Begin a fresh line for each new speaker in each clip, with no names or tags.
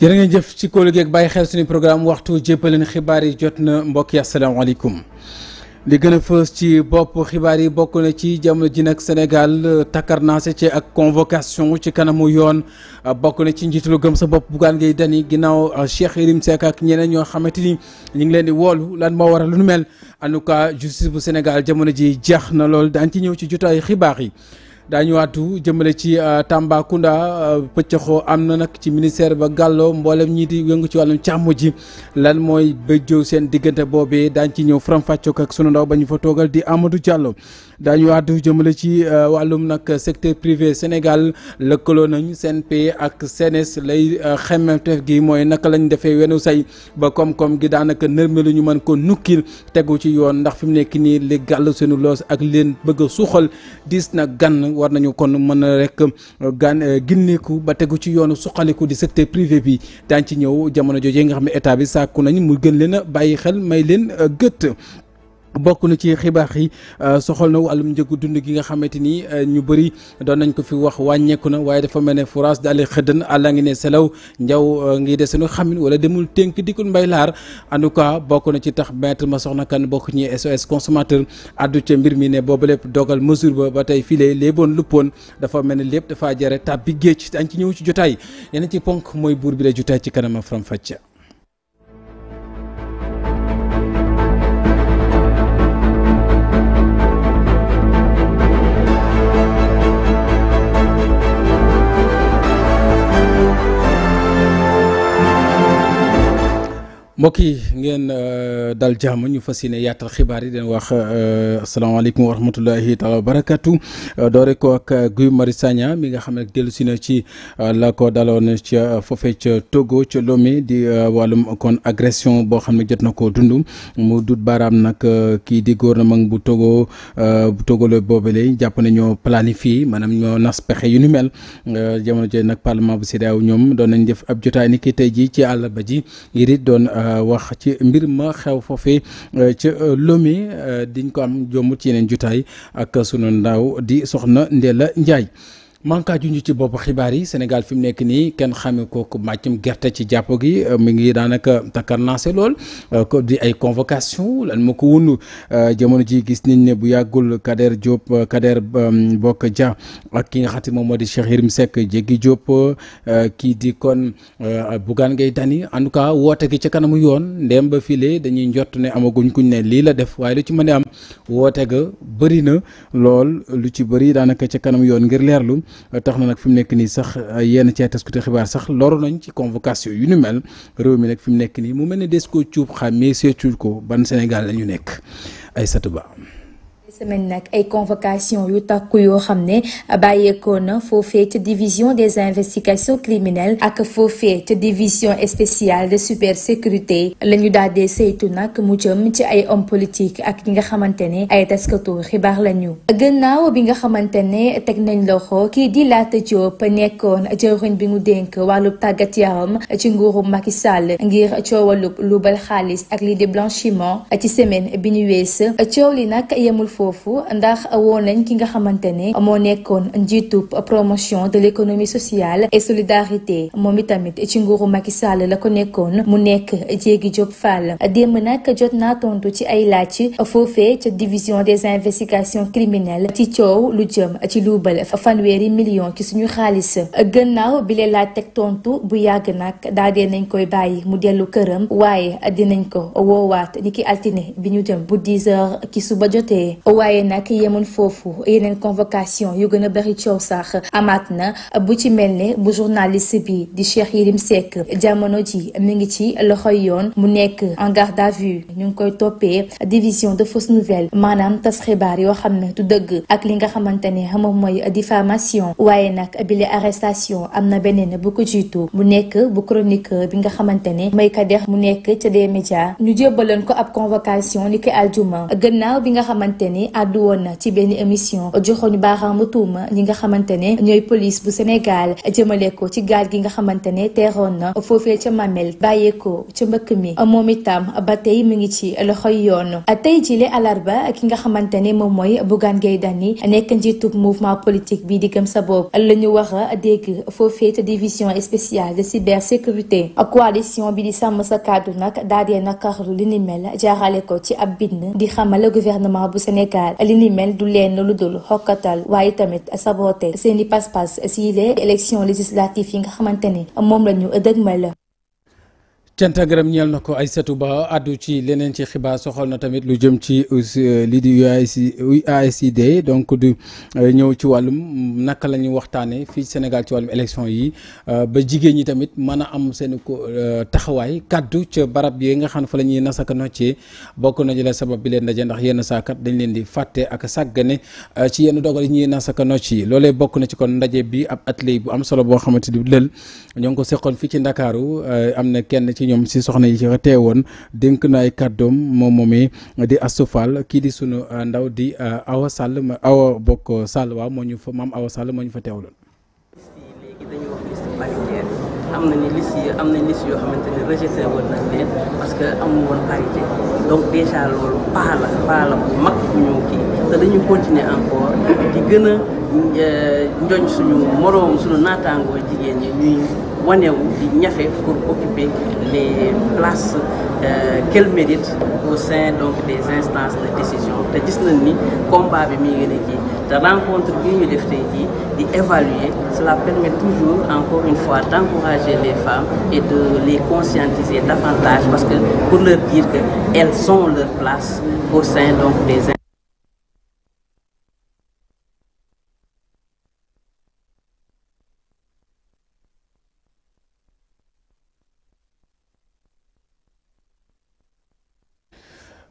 jërë ngeen jëf ci kóolu geeg bàyyi xel suñu programme waxtu jéppaleen xibaar yi jot na mbokk yi asalaamaaleykum li gën a fës ci bopp xibaar yi bokk na ci jamono ji nag Sénégal euh, takkar naa ci ak convocation ci kanamu yoon euh, bokk na ci njiitalu gëm sa bopp Bougane Gueye Dany ginnaaw euh, Cheikh Yérim Seck ak ñeneen ñoo xamante ni ñu ngi leen di woolu lan moo waral lu nu mel en tout cas justice bu Sénégal jamono ji jeex na lool daan ci ñëw ci jotaayu xibaar yi. daañu waatu jëmale ci euh, Tambacounda euh, pëccëxoo am na nag ci ministère ba gàlloo mboolem ñii di yëngu ci wàllum càmm ji lan mooy ba jëw seen diggante boobee daañ ci ñëw faram fàccook ak sunu ndaw ba ñu fa toogal di amatu Diallo daañu àddu jëmale ci euh, wàllum nag secteur privé Sénégal lëkkaloo nañu CNP ak CNS lay euh, xemmemteef gi mooy naka lañ defee wenu say ba koom-koom gi daanaka nërmelu ñu mën ko nukkil tegu ci yoon ndax fi mu nekk nii li gàll seenu loos ak leen bëgg a suuxal diis na gan war nañu kon mën a rek euh, gan ginneeku ba tegu ci yoonu suqaliku di secteur privé bi daañ ci ñëw jamono jooje nga xam ne état bi sàkku nañ mu gën leen a bàyyi xel may leen gët bokk na ci xibaar yi euh, soxal na wàllum njëgu dund gi nga xamante ni euh, ñu bëri doon nañ ko fi wax wàññeeku na waaye dafa mel ne forage daal di xëddan a ngi ne selaw njaw euh, ngi des nu xamin wala demul tënk dikkul mbay laar en tout cas bokk na ci tax maître ma soxna kan bokk ñi SOS consommateur addu ca mbir mi ne boobu lépp dogal mesure ba ba tey file léeboon luppoon dafa mel ne lépp dafa jare tab bi géej dañ ci ñëw ci jotaay yeneen ci ponk mooy buur bi la jotaay ci kanama faram-fàcce mbokk yi ngeen euh, dal jàmm ñu fas ne yaatal xibaar yi den wax euh, asalaamaaleykum wa rahmatulahi taala wa barakatu euh, doore ko ak Guy Marius mi nga xam ne dellu si na ci la ko daloon ca foofee ca Togo ca Lomé di wàllum kon agression boo xam ne jot na ko dund mu dut baaraam nag kii di gouvernement bu Togo bu Togolais boobale jàpp ne ñoo planifié maanaam ñoo nas pexe yu nu mel jamono jooju nag parlement bu CEDEAO ñoom doon nañ def ab jotaay ni tey jii ci àll ba ji ngir it doon. Euh, wax ci mbir ma xew foofee euh, ca euh, Lomé diñ ko am jombut ci yeneen jotaay ak sunu ndaw di soxna Ndella Ndiaye manqua ju ci bopp xibaar yi Sénégal fi mu nekk nii kenn xamee kooku màccum gerte ci jàpp gi euh, mi ngi daanaka takkar naase lool euh, ko di ay convocation lan ma ko wundu euh, jamono ji gis nañ ne bu yàggul Kader Diop Kader Bokk Dia ak ki nga xam moom moo di Cheikh Yérim Seck Jéggi Diop kii di kon Bougane Gueye Dany en tout cas woote gi ca kanamu yoon ndem ba file dañuy njott ne amaguñ kuñ ne lii la def waaye lu ci mën a am woote ga bëri na lool lu ci bëri daanaka ca kanam yoon ngir leerlu tax na nag fi mu nekk nii sax yenn ci ay taskati xibaar sax loru nañ ci convocation yu ni mel réew mi nag fi mu nekk nii mu mel ne des ko cuub xàmmee seetul ko ban Sénégal la ñu nekk ay satuba
semaine ay convocation yu takku yo xam ne na fofé division des investigations criminelles ak fofé ca division spéciale de super sécurité. lañu daal di saytu nag mu jëm ci ay homme politique ak ñi nga xamantene ne ay taskatu xibar lañu. Bingudenk, bi nga xamantene ne nañ loxo ki di bi mu denk walu tagat ci Macky Sall ngir coowalub lubal khalis ak li di blanchiment ci semaine bi ñu yemul foofu ndax woo nañ ki nga xamante ne moo nekkoon njiitub promotion de l'économie sociale et solidarité moom itamit ci nguuru Macky Sall la ko nekkoon mu nekk Diéguy Diop Fall démb nag jot naa tontu ci ay laaj foofee ca division des investigations criminelles ci coow lu jëm ci luubal fanweeri million ci suñu xaalis gannaaw bi lee laaj tontu bu yàgg nag daa nañ koy bàyyi mu dellu këram waaye dinañ ko woowaat ni ki altine bi ñu dem bu 10 heures ci suba waaye nag yemul foofu yeneen convocation yu gën a bari coow sax amaat na bu ci mel ne bu journaliste bi di Cheikh yirim Seck jamono ji mi ci loxoy mu nekk en garde à vue ñu ngi koy toppee division de fausses nouvelles maanaam tas xibaar yoo xam ne du dëgg ak li nga xamante ne moom mooy diffamation waaye nag bile arrestation am na beneen bu ko jiitu mu nekk bu chroniqueur bi nga xamante ne may kadeex mu nekk ca des médias ñu jébbaloon ko ab convocation ni ki aljuma gannaaw bi nga xamante ne ni na ci benn émission joxoñu a tuuma ñi nga xamante ne ñooy police bu Sénégal jëmale ko ci gaal gi nga xamante ne teeroon na foofee ca Mamel bàyyeekoo ca mbëkk mi moom itam ba tey mi ngi ci loxoy yoon tey jile alarba ki nga xamante ne moom mooy Bougane Gueye Dany nekk njiitub mouvement politique bi di gëm sa bopp la ñu war a dégg foofee ca division spéciale de cybersécurité coalition bi di sàmm sa kaddu nag daal di nakarlu li ni jaarale ko ci ab bind Sénégal li mel du leen lu dul xokkatal waaye tamit saboté seeni pas-pas si les élections législatives yi nga ni moom la ñu dëgmal
cantagërëm ñeel na ko Aïssatou Ba addu ci leneen ci xibaar soxal na tamit lu jëm ci euh, lii di UASID donc du euh, ñëw ci wàllum naka la ñuy waxtaanee fii Sénégal ci wàllum élection yi euh, ba jigéen ñi tamit mën a am seen ko taxawaay kàddu ci barab yee nga xam ne fa la ñuy nasaka noccee bokk na ci la sabab bi leen daje ndax yenn saakat dañ leen di fàtte ak sàggane ci yenn dogal yi ñuy nasaka nocc yi loolee bokk na ci kon ndaje bi ab atelier bu am solo boo xamante ni lël ñoo ngi ñoom si soxna yi teewoon dénk na ay kàddoom moom moomee di Astou Fall kii di sunu ah, ndaw di ah, Awa Sall Awa bokk Sall waaw moo ñu fa maam Awa Sall moo ñu fa teewloon.
loolu paa la paa mag bu ñëw kii te dañu continuer encore di gën euh, njoñ suñu moroom suñu naataangoo jigéen ñi ñuy. Il di pour occuper les places euh, qu'elle mérite au sein donc des instances de décision te gis nañ combat bi mi ngi rencontre cela permet toujours encore une fois d'encourager les femmes et de les conscientiser davantage parce que pour leur dire que elles sont leur place au sein donc des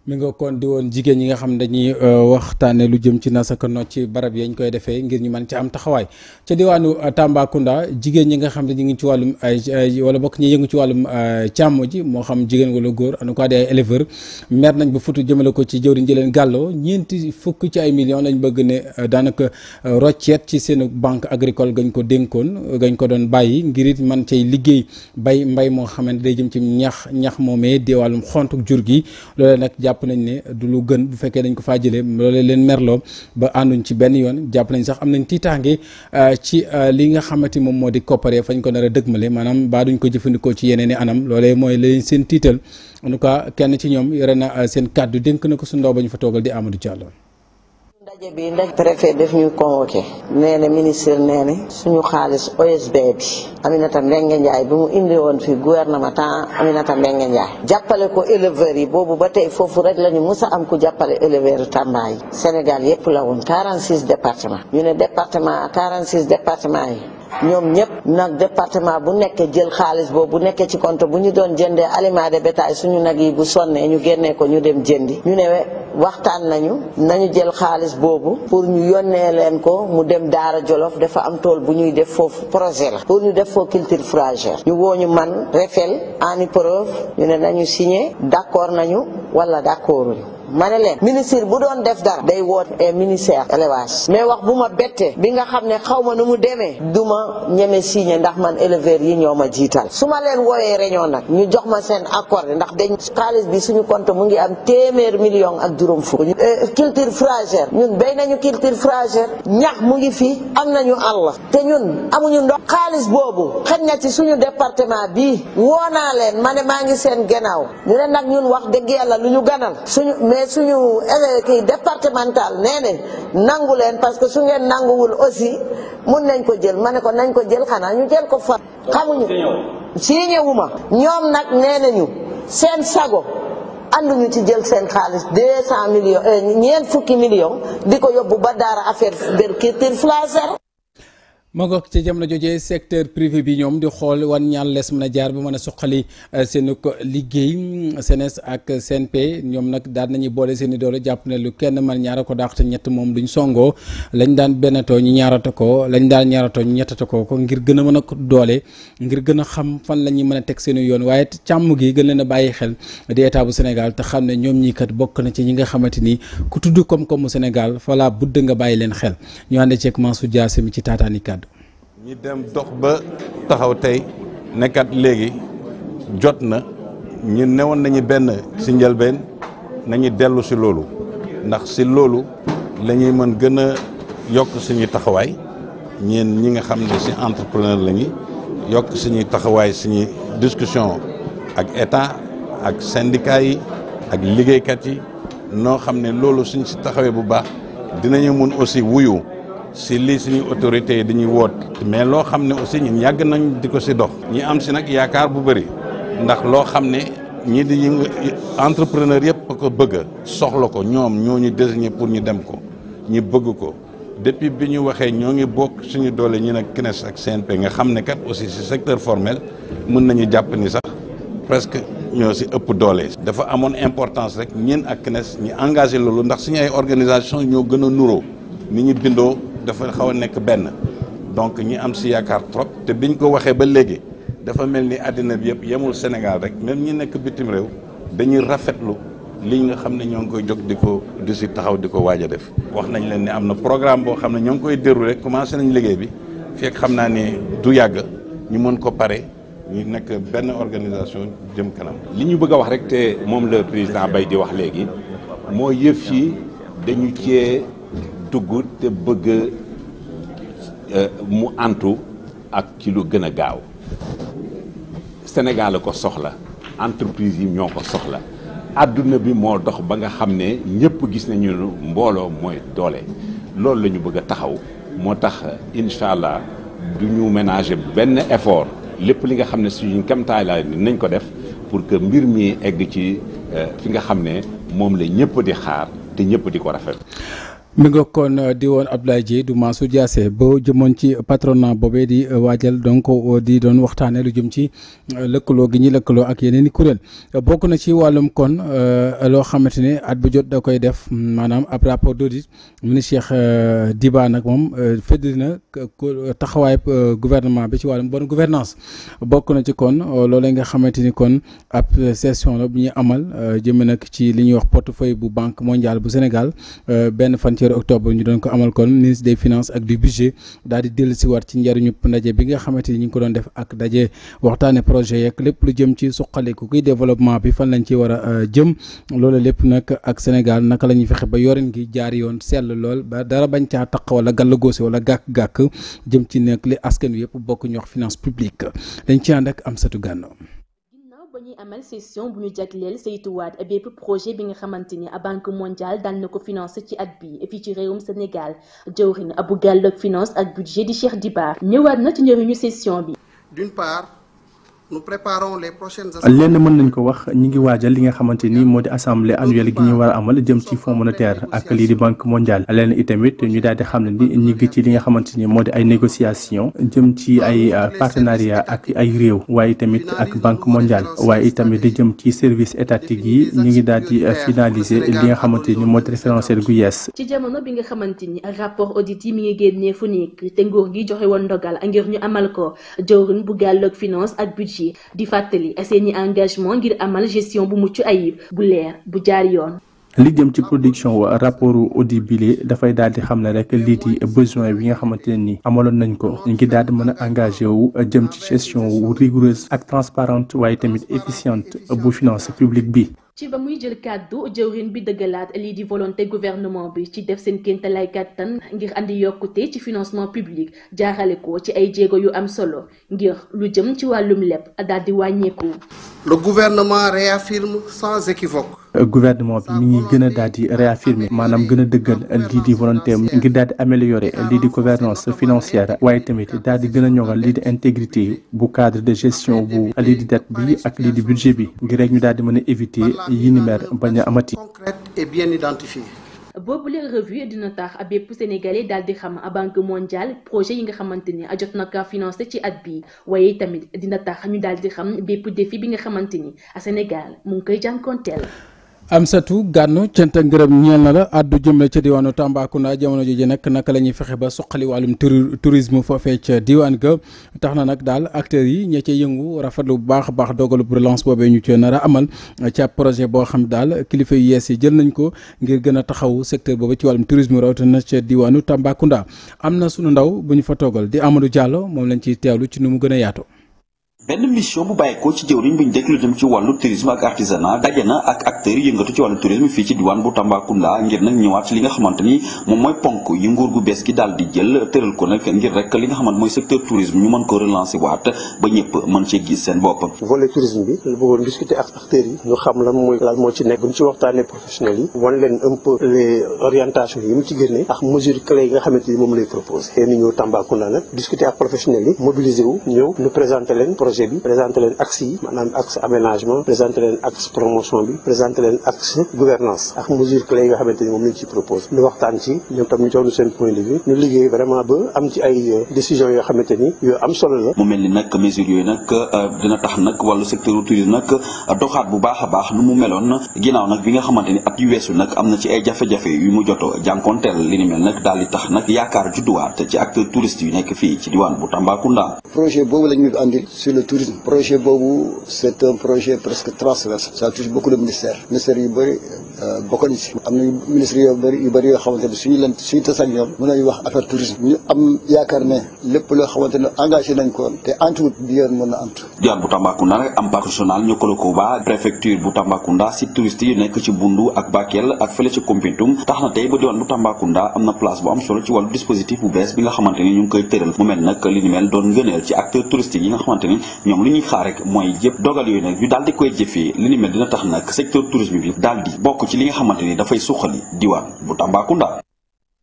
mi nga kon di woon jigéen ñi nga xam ne dañuy euh, waxtaane lu jëm ci nasaka no ci barab yañ koy defee ngir ñu mën ci am taxawaay ca diwaanu euh, Tambacounda jigéen ñi nga xam ne ñu ngi ci wàllum ay wala bokk ñi yëngu ci wàllum euh, càmm ji moo xam jigéen wala góor en tout cas di ay éleveur mer nañ ba futu jëmale ko ci jëwriñ ji leen gàlloo ñeenti fukk ci ay million lañ bëgg ne daanaka rocceet ci seen banque agricole gañ ko dénkoon gañ ko doon bàyyi ngir it man cay liggéey bay mbay moo xamante day jëm ci ñax ñax moomee di wàllum xontuk jur gi jàpp nañ ne du lu gën bu fekkee dañ ko faa jëlee loolee leen merloo ba ànduñ ci benn yoon jàpp nañ sax am nañ tiitaange euh, ci euh, li nga xamante moom moo di kopparee fañ ko nar a dëgmale maanaam baa duñ ko jëfandikoo ci yeneen i anam loolee mooy leen seen tiital en tout cas kenn ci ñoom yore na euh, seen kàddu dénk na ko su ndaw ba ñu fa toogal di Amadou Diallo
daje bi ndax préfet daf ñu convoqué nee na ministre nee na suñu xaalis OSB bi Aminata Mbengue Ndiaye bi mu indi woon fi gouvernement temps Aminata Mbengue Ndiaye jàppale ko éleveurs yi boobu ba tey foofu rek la ñu mus a am ku jàppale éleveurs Tamba yi Sénégal yëpp la woon 46 département ñu ne département 46 département yi ñoom ñëpp nag département bu nekkee jël xaalis boobu bu nekkee ci compte bu ñu doon jëndee aliment de bétail suñu nag yi bu sonnee ñu génnee ko ñu dem jëndi ñu ne waxtaan nañu nañu jël xaalis boobu pour ñu yónnee leen ko mu dem Daara Jolof dafa am tool bu ñuy def foofu projet la pour ñu def foo culture fourragère ñu woo ñu man refel en épreuve ñu ne nañu signé d'accord nañu wala d'accorduñu ma ne leen ministre bu doon def dara day woote et ministère élevage mais wax bu ma bettee bi nga xam ne xaw ma nu mu demee du ma ñeme signé ndax man éleveurs yi ñoo ma jiital su ma leen wooyee réunion nag ñu jox ma seen accord ndax dañ xaalis bi suñu compte mu ngi am téeméer million ak juróom fukk euh, culture fourragère ñun béy nañu culture fourragère ñax mu ngi fii am nañu àll te ñun amuñu ndox xaalis boobu xëj na ci suñu département bi woo naa leen ma ne maa ngi seen gannaaw ñu wax dëgg yàlla lu ñu ganal mais suñu kii départemental nee nañ nangu leen parce que su ngeen nanguwul aussi mun nañ ko jël ma ne ko nañ ko jël xanaa ñu jël ko fa xamuñu si ñëwuma ñoom nag nee nañu seen sago anduñu ci jël seen xaalis deux cent millions euh, ñeent fukki millions di ko yóbbu ba daara affaire berkitir flaser
ma ngoog ci jamono jooje secteur privé bi ñoom di xool wan ñaan lees mën a jaar ba mën a suqali eh, seen ko liggéey CNS mm, ak CNP ñoom nag daan nañuy boole seen i doole jàpp ne lu kenn man ñaara ko daaxte ñett moom duñ songoo lañ daan bennatoo ñu ñaarata ko lañ daan ñaaratoo ñu ñettata ko ko ngir gën a mën a doole ngir gën a xam fan la ñuy mën a teg seen yoon waaye càmm gi gën leen a bàyyi xel di état bu te xam ne ñoom ñii kat bokk na ci ñi nga xamante ni ku tudd koom-koomu Sénégal falaa budd nga bàyyi leen xel ñu ànd ceeg Mansour Dia mi ci taataani kàddu
ñi dem dox ba taxaw tey nekkat léegi jot na ñu newoon nañu benn si njëlbeen nañu dellu si loolu ndax si loolu lañuy mën gën a yokk suñuy taxawaay ñeen ñi nga xam ne si entrepreneur la ñu yokk suñuy taxawaay suñuy discussion ak état ak syndicat yi ak liggéeykat yi noo xam ne loolu suñ si taxawee bu baax dinañu mun aussi wuyu si lii suñu autorités yi dañuy woot mais loo xam ne aussi ñun ñàgg nañ di ko si dox ñi am si nag yaakaar bu bëri ndax loo xam ne ñi di yëngu entrepreneur a ko bëgg soxla ko ñoom ñoo ñu désigné pour ñu dem ko ñi bëgg ko depuis bi ñu waxee ñoo ngi bokk suñu doole ñi nag CNES ak CNP nga xam ne kat aussi si secteur formel mun nañu jàpp ni sax presque ñoo si ëpp doole. dafa amoon importance rek ñeen ak kenes ñu engagé loolu ndax suñu ay organisation ñoo gën a nuroo dafa xaw a nekk benn donc ñi am si yaakaar trop te biñ ko waxee ba léegi dafa mel ni àddina bi yëpp yemul Sénégal rek même ñi nekk bitim réew dañuy rafetlu li nga xam ne ñoo ngi koy jog di ko di si taxaw di ko waaj a def. wax nañ leen ni am na programme boo xam ne ñoo ngi koy déroulé commencé nañ liggéey bi fekk xam naa ne du yàgg ñu mën ko pare ñu nekk benn organisation jëm kanam. li ñu bëgg a wax rek te moom le président bay di wax léegi moo yëf yi dugg te bëgg euh, mu antu ak ci lu gëna gaaw Sénégal ko soxla entreprise yi ñoo ko soxla aduna bi mo dox ba nga xamné ne ñëpp gis nañu mbolo moy doolé loolu lañu bëgg taxaw moo tax incha ménager ben effort lepp li nga xamné suñu kam kamtaay la nañ ko def pour que mbir mi egg ci euh, fi nga xamné mom la ñëpp di xaar te ñëpp di ko rafet
mi nga kon euh, di woon Abdoulaye Dièye du Mansour Diassé ba jëmoon ci patronat boobee di euh, waajal donc euh, di doon waxtaanee lu jëm ci lëkkaloo gi ñuy lëkkaloo ak yeneen i kuréel bokk na ci wàllum kon loo xamante ne at bu jot da koy def maanaam ab rapport d'audit mu ni Cheikh Diba nag moom fëddali na taxawaay gouvernement bi ci wàllum bon gouvernance bokk na ci kon loolu nga xamante ni kon ab session la bu ñuy amal jëm nag ci li ñuy wax portefeuille bu Banque mondiale bu Sénégal weeru ñu doon ko amal kon ministre des finances ak du budget daal di dellu si waat ci njariñu ndaje bi nga xamante ni ñu ngi ko doon def ak daje waxtaane projet yeeg lépp lu jëm ci suqaliku kuy développement bi fan lañ ci war a euh, jëm loolu lépp nag ak Sénégal naka la ñuy fexe ba yorin gi jaar yoon sell lool ba dara bañ caa taq wala gàllagoose wala gàkk-gàkk jëm ci nekk li askan wi yëpp bokk ñu wax finance publique dañ ci ànd ak setu Gànno
ba ñuy amal session bu ñu jagleel saytuwaat bépp projet bi nga xamanteni a banque mondiale dans nako financer ci at bi fii ci réewum Sénégal jëwrin abu gallo finance ak budget di Cheikh dibar ñëwaat na ci ñu session bi
d'une part nous préparons les prochaines lenn
mën nañ ko wax ñi ngi waajal war amal jëm ci fonds monétaire ak lii di banque mondiale lenn itamit ñu daal di xam ne ni ñi ngi ci li nga xamante ni moo di ay négociation euh, ak ay réew waaye tamit ak banque mondiale waaye itamit di jëm service étatique yi ñi di euh, finaliser li nga xamante ni moo di référentiel gu
ci jamono bi nga xamante ni rapport audit yi mi ngi génnee fu nekk te budget ji di fàttali seeni engagement ngir amal gestion bu mucc ayib bu leer bu
li production wa rapportu dafay daal di rek besoin bi nga gestion rigoureuse transparente efficiente bu finance publique bi.
ci ba muy jël kàddu jëwrin bi dëggalaat lii di volonté gouvernement bi ci def seen kéntalay kàttan ngir indi yokkute ci financement public jaarale ko ci ay jéego yu am solo ngir lu jëm ci wàllum lepp daal di wàññeeku.
le gouvernement réaffirme sans équivoque.
Le euh, gouvernement bi mi ngi gën a daal di réaffirmer maanaam gën dëggal di volonté ngir di améliorer di gouvernance financière waaye tamit daal di gën a ñoŋal di intégrité bu cadre de gestion bu lii di dette bi ak lii di budget bi ngir rek ñu daal di éviter yi ni mer concrète
et bien identifiée.
Bobule revue dina tax bépp sénégalais dal di xam banque mondiale projet yi nga xamante ni jot na ko financé ci at bi waaye tamit dina tax ñu dal di xam bépp défi bi nga xamante ni Sénégal mu ngi koy jànkoonteel
Amsatou Gànn cant ak ngërëm ñeel na la addu jëmle ca diwaanu Tambacounda jamono jooju nag naka la ñuy fexe ba soqali wàllum tourisme foofee ca diwaan ga tax na nag daal acteurs yi ña ca yëngu rafetlu bu baax a baax dogalub relance boobe ñu ci nara a amal ca projet boo xam daal kilifa yu yees yi jël nañ ko ngir gën a taxaw secteur boobu ci wàllum tourisme rawatina ca diwaanu Tambacounda am na sunu ndaw bu ñu fa toogal di amalu Diallo moom lañ ciy teewlu ci nu mu gën a yaatoo
benn mission bu bàyyeekoo ci jëwriñ bu ñu dégg lu jëm ci wàllu tourisme ak artisanat daje ak acteurs yi yëngatu ci wàllu tourisme fii ci diwaan bu Tambacounda nag ñëwaat di jël tëral ko nag ak acteurs
yi ñu xam lan mooy lan moo ci nekk bu ñu ci waxtaanee professionnels yi wan leen un peu les ni moom lay proposé. xëy na ñëw Tambacounda wu ñëw ñu présenter leen projet bi présenté leen axe yi maanaam axe aménagement présenté leen axe promotion bi présenté ak mesure ni moom lañ ci propose ñu waxtaan ci ñoom tam ñu jox am ci ay euh, décisions yoo xamante ni yu am solo
la mel ni nag mesures yooyu nag euh, dina tax nag wàllu secteur tourisme nag euh, doxaat bu baax a baax nu mu meloon ginnaaw nag bi nga xamante ni at yu weesu nag am na ci ay jafe-jafe yu mu joto jànkonteel li ni mel nag daal di tax nag yaakaar judduwaat ci acteur touriste yu nekk fii ci diwaan bu Tambacounda
projet le projet Bogu, c'est un projet presque transversal ça touche beaucoup de ministères Euh, bokkoon ci am na ministre yu bëri yu bëri yoo xamante ne suñu leen suñu tas ak ñoom mën wax affaire yaakaar ne lépp loo xamante ne engagé nañ ko te antuwut bi yoon mën na antu
diwaan bu Tambacounda nag am parc national Niokolo-Koba préfecture bu Tambacounda site touriste yi nekk ci Bundu ak Bakel ak fële ci Koumpentoum tax na tey ba diwaan am na place bu am solo ci wàllu dispositif bu bees bi nga xamante ni ñu ni mel doon ngëneel ci acteur yi nga xamante ni ñoom li ñuy xaar rek mooy yëpp dogal yooyu nag ñu daal di koy jëfee li ni mel dina tax nag secteur tourisme bi daal di bokk ci li nga xamante ni dafay suqali diwaan bu Tambacounda.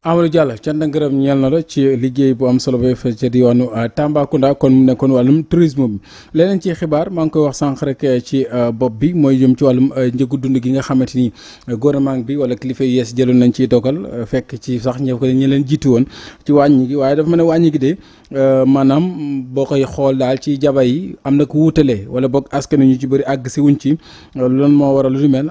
Amadou Diallo cant na la ci liggéey bu am solo ba ca diwaanu euh, Tambacounda kon mu nekkoon wàllum tourisme bi leneen ci xibaar maa ngi koy wax sànq rek euh, ci euh, bopp bi mooy jëm ci wàllum njëgu dund gi nga xamante ni gouvernement bi wala kilifa yu yees jëloon nañ ciy dogal fekk ci sax ñëw ko ñi leen jiitu woon ci wàññi gi waaye dafa mel ne wàññi gi de maanaam boo koy xool daal ci jaba yi am na ko wuutale wala boog askan ñu ci bëri àgg si wuñ ci loolu moo waral lu mel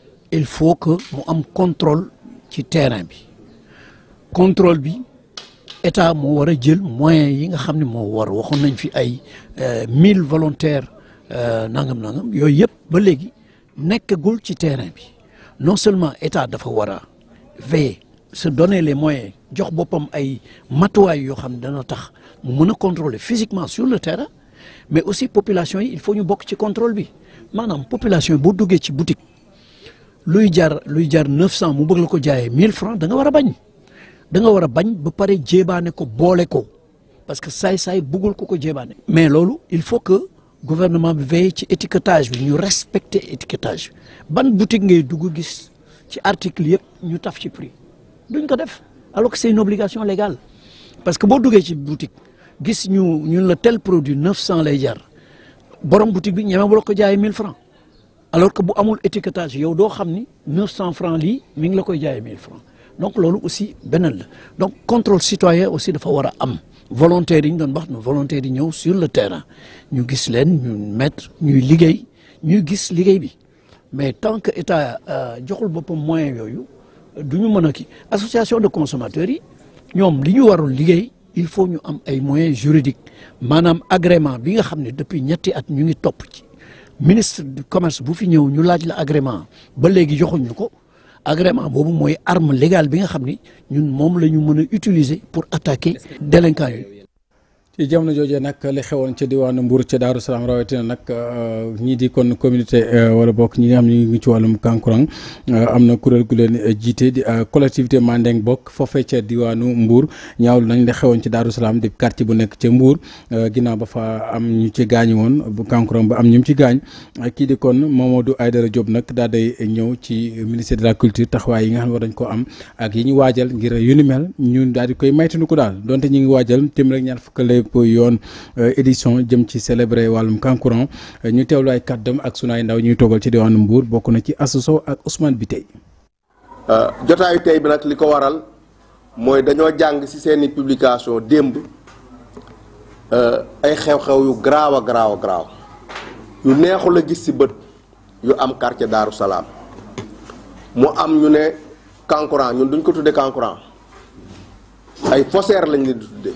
il faut que nous am contrôle ci terrain bi contrôle bi état moo war jël moyens yi nga xam ne moo war waxoon nañ fi ay euh, mille volontaires euh, nangam nangam yooyu yëpp ba léegi ci terrain non seulement état dafa se donner les moyens jox boppam ay matuwaay yoo xam dana tax contrôler physiquement sur le terrain mais aussi population il faut ñu bokk ci contrôle bi la population bu duggee ci boutique luy jar luy jar 900 mu bëgg la ko 1000 francs da nga war a bañ da nga war a bañ ba pare jéebaane ko boole ko parce que saay-saay bugul ko ko jéebaane. mais loolu il faut que gouvernement bi veille ci étiquetage bi ñu respecter étiquetage ban boutique ngay dugg gis ci article yépp ñu taf ci prix duñ ko def alors que c'est une obligation légale parce que boo duggee ci boutique gis ñu ñun la tel produit 900 lay jar borom boutique bi ñeme bu ko 1000 francs alors que bu amul étiquetage yow doo xam ni 900 francs l'i, mi ngi la 1000 francs donc c'est aussi beneen la donc contrôle citoyen aussi dafa war a am volontaires ñu volontaires sur le terrain ñu gis leen mettre ñuy travaillons, nous gis liggéey bi mais tant que état euh, joxul pas moyen moyens, nous ne pouvons pas. L'association association de consommateurs nous, ñoom li ñu warul il faut ñu am ay moyens juridiques Madame agrément bi nga depuis ñetti at ñu ngi top. ci ministre du commerce bu fi ñëw ñu laaj la agrément ba légui joxuñ ñuko agrément bobu moy arme légale bi nga xamni ñun mom lañu mëna utiliser pour attaquer délinquants
ci jamono joojee nag li xewoon ca diwaanu Mbour ca Daaru Salaam rawatina nag euh, ñii di kon communauté euh, wala bokk ñi nga xam ne ñu ngi ci wàllum kankurang euh, am na kuréel gu leen jiite di collectivité Mandeng bokk foofee ca diwaanu Mbour ñaawlu nañ li xewoon ci Daaru Salaam di quartier bu nekk ca Mbour ginnaaw ba fa am ñu ci gaañu woon bu kankurang ba am ñu ci gaañ kii di kon moom Mamadou Aydara job nag daa day ñëw ci ministère de la culture taxawaay yi nga xam ne war dañ ko am ak yi ñu waajal ngir yu ni mel ñun daal di koy maytanu ko daal donte ñu ngi waajal téeméer ak ñaar lépp yoon euh, édition jëm ci célébrer wàllum kankuran ñu teewlu ay kàddam ak sunu ndaw ñuy toogal ci diwaanu Mbour bokk na ci Assou Sow ak Ousmane Biteye.
Euh, jotaayu tey bi nag li ko waral mooy dañoo jàng ci seeni publication démb euh, ay xew-xew yu garaaw a graaw a garaaw yu neexul a gis ci bët yu am quartier Daaru Salaam mu am yu ne kankuran ñun duñ ko tuddee kankuran ay faussaires lañ di tuddee.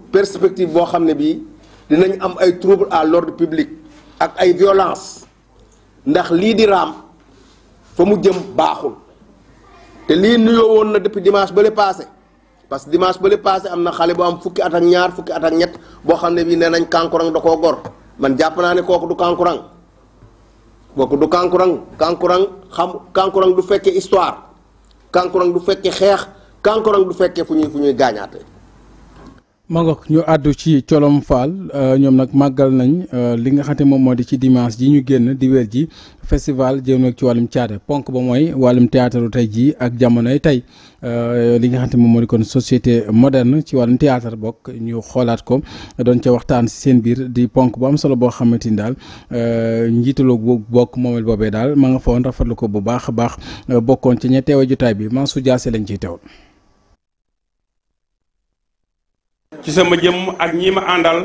perspective bo xamné ne dinañ am ay trouble à l'ordre public ak ay violence ndax li di ram fa mu jëm baxul té li nuyo won na depuis dimanche balé passé parce que dimanche balé passé am na bo am fukki at ak ñaar fukki at ak ñet bo xamné ne nenañ kankurang dako gor man japp na né koku du kankurang boku du kankurang kankurang xam kankurang du fekkee histoire kankurang du fekkee xex kankurang du fekkee fuñuy fuñuy fu
mangook ñu àddu ci colom faal euh, ñoom nag màggal nañ euh, li nga xam ne moom moo di ci dimanche ji ñu génn di wér ji festival jëm nag ci wàllum caada ponk ba mooy wàllum théâtre tey jii ak jamonoy tey euh, li nga xam ne moom moo di kon société moderne ci wàllum théâtre bokk ñu xoolaat ko doon ca waxtaan si seen biir di ponk bu am solo boo xamante ni daal njiitaloo bu bokk moomel boobee daal ma nga foon rafetlu ko bu baax a baax bokkoon ci ña teewe jotaay bi Mansour Diassé lañ ciy teewul
ci sama jëm ak ñi ma àndal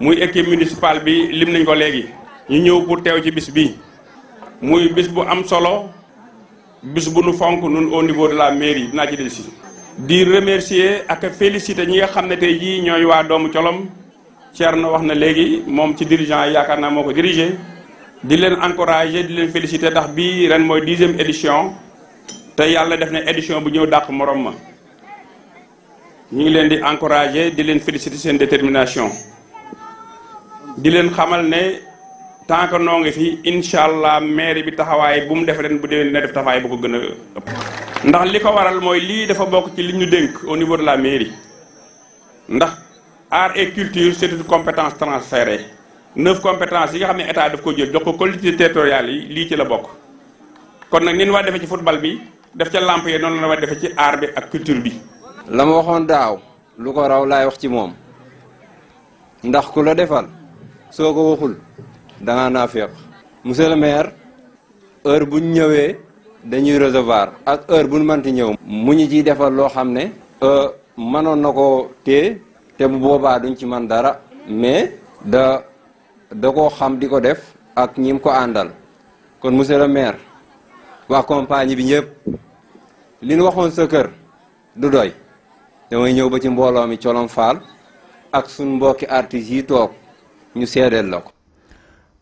muy équipe municipale bi lim nañ ko léegi ñu ñëw pour teew ci bis bi muy bis bu am solo bis bu nu fonk nun au niveau de la mairie dinaa ci del si di remercier ak féliciter ñi nga xam ne tey jii ñooy waa doomu colom na wax na léegi moom ci dirigent yaakaar naa moo ko diriger di leen encourager di leen féliciter ndax bii ren mooy dixième édition te yàlla def na édition bu ñëw dàq morom ma ñu ngi leen di encourager di leen féliciter seen détermination di leen xamal ne tant que noo ngi fi incha allah mairie bi taxawaay bu mu def ren bu déwén dina def taxawaay bu ko gën a ëpp. ndax li ko waral mooy lii dafa bokk ci li ñu dénk au niveau de la mairie ndax art et culture c'est une compétence transférée neuf compétences yi nga xam ne état daf ko jël jox ko collectivités territoriales yi lii ci la bokk kon nag ni ñu war defee ci football bi def ca lamp yi noonu la war defee ci art bi ak culture bi.
la ma waxoon daaw lu ko raw laay wax ci moom ndax ku la defal soo ko waxul dangaa naa féq monsieur le maire heure buñ ñëwee dañuy resevoir ak heure buñ mënti ñëw mu ñu ciy defal loo xam ne euh, mënoon na ko téye te bu boobaa duñ ci man dara mais da da ko xam di ko def ak ñim ko àndal kon monsieur le maire waa compagnie bi ñëpp li waxoon sa kër du doy damay ñëw ba ci mbooloo mi colom faal ak suñ mbokki artistes yi toog ñu seedeel la ko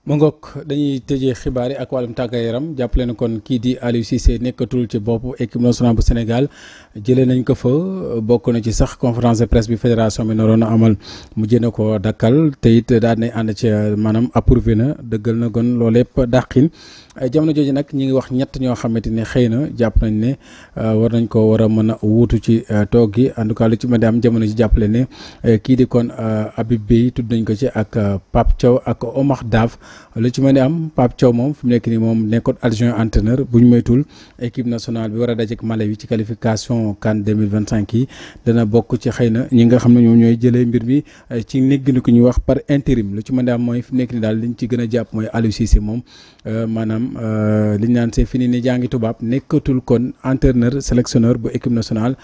ma ngoog dañuy tëjee xibaar yi ak wàllum tàggat yaram jàppale na kon kii di Aliou Cissé nekkatul ci bopp équipe nationale bu Sénégal jëlee nañ ko fa bokk na ci sax conférence de bi fédération bi naroon a amal mujj na ko dakkal te it daal ànd ci maanaam approuvé na dëggal na kon loolu yëpp dàqin jamono jooju nag ñi ngi wax ñett ñoo xamante ne xëy na jàpp nañ ne euh, war nañ ko war a mën a wuutu ci euh, toog gi en tout cas lu ci mën a am jamono ji jàppale ne euh, kii di kon Habib Beye tudd nañ ko ci ak Pape Thiaw ak Omar Daf lu ci mën a am Pape moom fu mu nekk ni moom nekkoon adjoint entraîneur bu ñu moytul équipe nationale bi war a dajeek Malawi ci qualification CAN 2025 yi dana bokk ci xëy na ñi nga xam ne ñoom ñooy jëlee mbir mi ci négg ni ko ñu wax par intérim lu ci mën a am mooy fu mu nekk ni daal liñ ci gën a jàpp mooy Aliou Cissé moom maanaam Euh, li ñu naan fi fini ni jàngi tubaab nekkatul kon entraîneur sélectionneur bu équipe nationale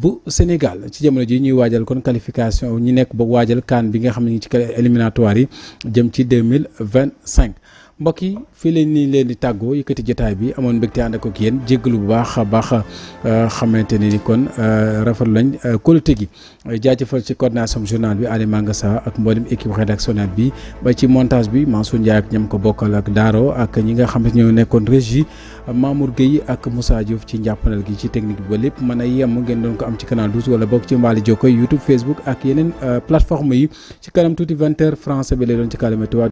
bu Sénégal ci jamono ji ñuy waajal kon qualification ñi nekk ba waajal CAN bi nga xam ne ci éliminatoire yi jëm ci deux mille vingt cinq mbokk yi fii la ñu leen di tàggoo yëkkati jotaay bi amoon mbégte ànd ak yéen jéggalu bu baax a baax euh, xamante ne ni kon euh, rafetlu lañ euh, kóolute gi jaajëfal ci coordination journal bi Aliou Mangassa ak mboolem équipe rédactionnelle bi ba ci montage bi Mansour Ndiaye ak ñam ko bokkal ak Daaro ak ñi nga xam ne ñoo nekkoon régie gi ci technique bi ba lépp mën a yem ngeen doon ko am ci canal 12 wala bokk ci mbaali jokkoy YouTube Facebook ak yeneen plateforme yi ci kanam tuuti 20 heures français bi lay doon ci kàllaama